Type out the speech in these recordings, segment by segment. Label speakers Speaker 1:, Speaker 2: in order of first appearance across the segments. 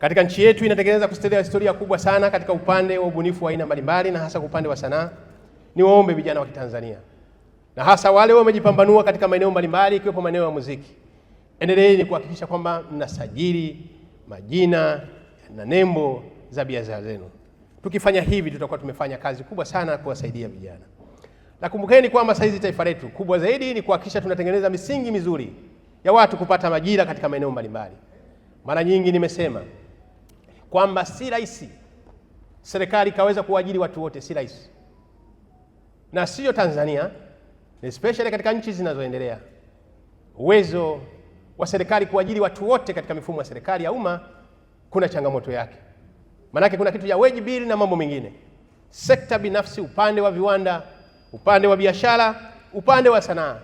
Speaker 1: katika nchi yetu inatekeleza kustelea historia kubwa sana katika upande wa ubunifu wa aina mbalimbali na hasa upande wa sanaa. Niwaombe vijana wa Kitanzania na hasa wale wamejipambanua katika maeneo mbalimbali ikiwepo maeneo ya muziki, endeleeni kuhakikisha kwamba mnasajili majina na nembo za biashara zenu. Tukifanya hivi, tutakuwa tumefanya kazi kubwa sana kuwasaidia vijana. Na kumbukeni kwamba saizi taifa letu kubwa zaidi ni kuhakikisha tunatengeneza misingi mizuri ya watu kupata majira katika maeneo mbalimbali. Mara nyingi nimesema kwamba si rahisi serikali ikaweza kuajiri watu wote, si rahisi, na sio Tanzania, especially katika nchi zinazoendelea. Uwezo wa serikali kuajiri watu wote katika mifumo ya serikali ya umma kuna changamoto yake, maanake kuna kitu cha wage bill na mambo mengine. Sekta binafsi, upande wa viwanda, upande wa biashara, upande wa sanaa,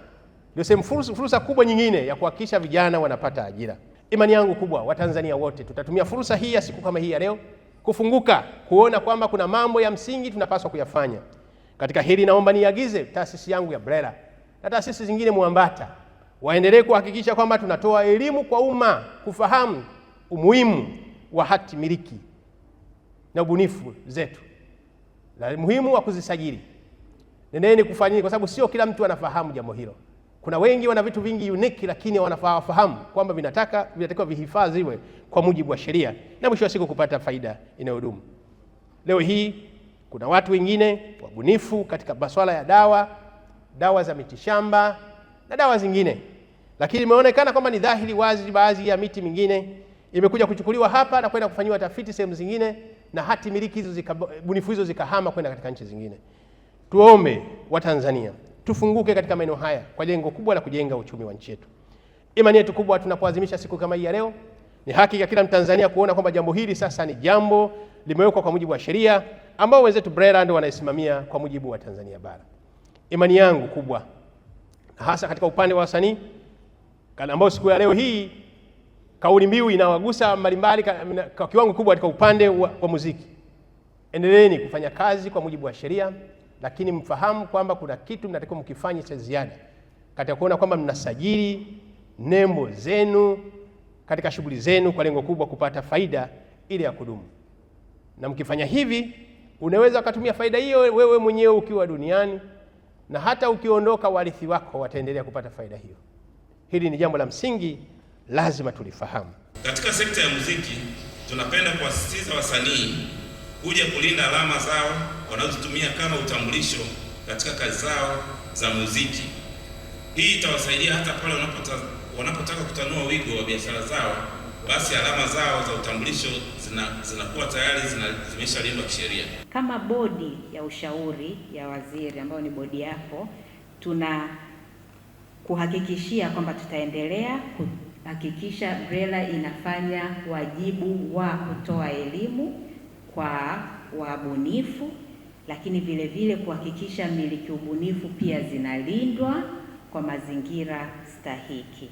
Speaker 1: ndio sehemu fursa kubwa nyingine ya kuhakikisha vijana wanapata ajira. Imani yangu kubwa, Watanzania wote tutatumia fursa hii ya siku kama hii ya leo kufunguka, kuona kwamba kuna mambo ya msingi tunapaswa kuyafanya. Katika hili, naomba niagize taasisi yangu ya BRELA na taasisi zingine mwambata waendelee kuhakikisha kwamba tunatoa elimu kwa umma kufahamu umuhimu wa hati miliki na ubunifu zetu na umuhimu wa kuzisajili. Nendeni kufanyeni, kwa sababu sio kila mtu anafahamu jambo hilo. Kuna wengi wana vitu vingi uniki, lakini wanafahamu kwamba vinataka vinatakiwa vihifadhiwe kwa mujibu wa sheria na mwisho wa siku kupata faida inayodumu. Leo hii kuna watu wengine wabunifu katika masuala ya dawa, dawa za mitishamba na dawa zingine, lakini imeonekana kwamba ni dhahiri wazi baadhi ya miti mingine imekuja kuchukuliwa hapa na kwenda kufanyiwa tafiti sehemu zingine, na hati miliki hizo zika, bunifu hizo zikahama kwenda katika nchi zingine. Tuombe Watanzania tufunguke katika maeneo haya kwa lengo kubwa la kujenga uchumi wa nchi yetu. Imani yetu kubwa tunapoadhimisha siku kama hii ya leo, ni haki ya kila Mtanzania kuona kwamba jambo hili sasa ni jambo limewekwa kwa mujibu wa sheria ambao wenzetu BRELA ndio wanaisimamia kwa mujibu wa Tanzania Bara. Imani yangu kubwa hasa katika upande wa wasanii ambao siku ya leo hii kauli mbiu inawagusa mbalimbali kwa kiwango kubwa katika upande wa, wa muziki. Endeleeni kufanya kazi kwa mujibu wa sheria lakini mfahamu kwamba kuna kitu mnatakiwa mkifanye cha ziada katika kuona kwamba mnasajili nembo zenu katika shughuli zenu kwa lengo kubwa kupata faida ile ya kudumu. Na mkifanya hivi, unaweza ukatumia faida hiyo wewe mwenyewe ukiwa duniani na hata ukiondoka, warithi wako wataendelea kupata faida hiyo. Hili ni jambo la msingi, lazima tulifahamu.
Speaker 2: Katika sekta ya muziki, tunapenda kuwasisitiza wasanii kuja kulinda alama zao wanazotumia kama utambulisho katika kazi zao za muziki. Hii itawasaidia hata pale wanapotaka kutanua wigo wa biashara zao, basi alama zao za utambulisho zina, zinakuwa tayari zina, zimeshalindwa kisheria.
Speaker 3: Kama bodi ya ushauri ya waziri ambayo ni bodi yako, tuna kuhakikishia kwamba tutaendelea kuhakikisha BRELA inafanya wajibu wa kutoa elimu kwa wabunifu lakini vile vile kuhakikisha miliki ubunifu pia zinalindwa kwa mazingira stahiki.